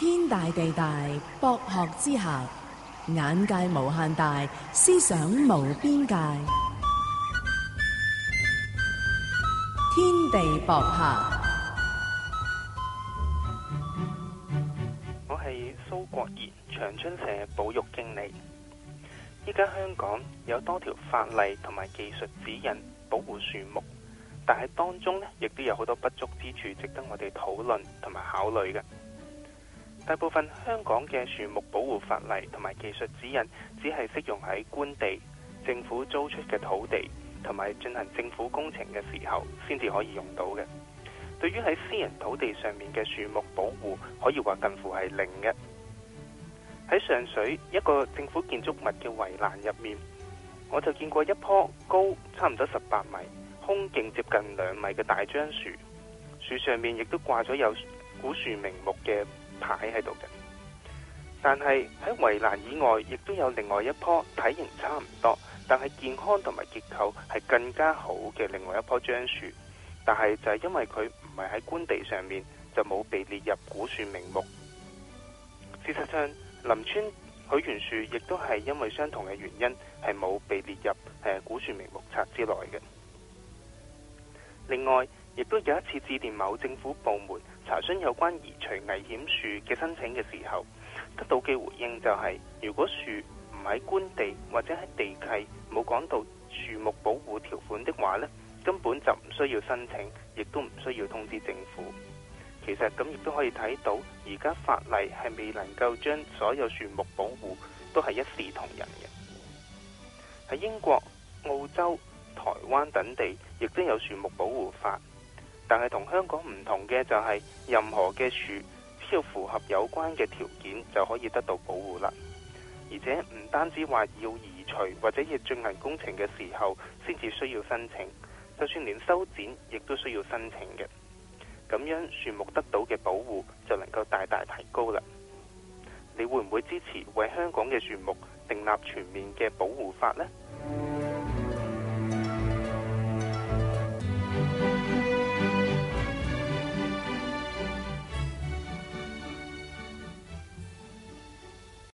天大地大，博學之下眼界無限大，思想無邊界。天地博客。我係蘇國賢，長春社保育經理。依家香港有多條法例同埋技術指引保護樹木，但係當中呢亦都有好多不足之處，值得我哋討論同埋考慮嘅。大部分香港嘅樹木保護法例同埋技術指引，只係適用喺官地、政府租出嘅土地，同埋進行政府工程嘅時候，先至可以用到嘅。對於喺私人土地上面嘅樹木保護，可以話近乎係零嘅。喺上水一個政府建築物嘅圍欄入面，我就見過一棵高差唔多十八米、胸徑接近兩米嘅大樟樹，樹上面亦都掛咗有古樹名木嘅牌喺度嘅，但係喺圍欄以外，亦都有另外一棵體型差唔多，但係健康同埋結構係更加好嘅另外一棵樟樹，但係就係因為佢唔係喺官地上面，就冇被列入古樹名木。事實上，林村許願樹亦都係因為相同嘅原因，係冇被列入誒古樹名目冊之內嘅。另外，亦都有一次致電某政府部門。查詢有關移除危險樹嘅申請嘅時候，得到嘅回應就係：如果樹唔喺官地或者喺地契冇講到樹木保護條款的話咧，根本就唔需要申請，亦都唔需要通知政府。其實咁亦都可以睇到，而家法例係未能夠將所有樹木保護都係一視同仁嘅。喺英國、澳洲、台灣等地亦都有樹木保護法。但係同香港唔同嘅就係，任何嘅樹只要符合有關嘅條件就可以得到保護啦，而且唔單止話要移除或者要進行工程嘅時候先至需要申請，就算連修剪亦都需要申請嘅。咁樣，樹木得到嘅保護就能夠大大提高啦。你會唔會支持為香港嘅樹木訂立全面嘅保護法呢？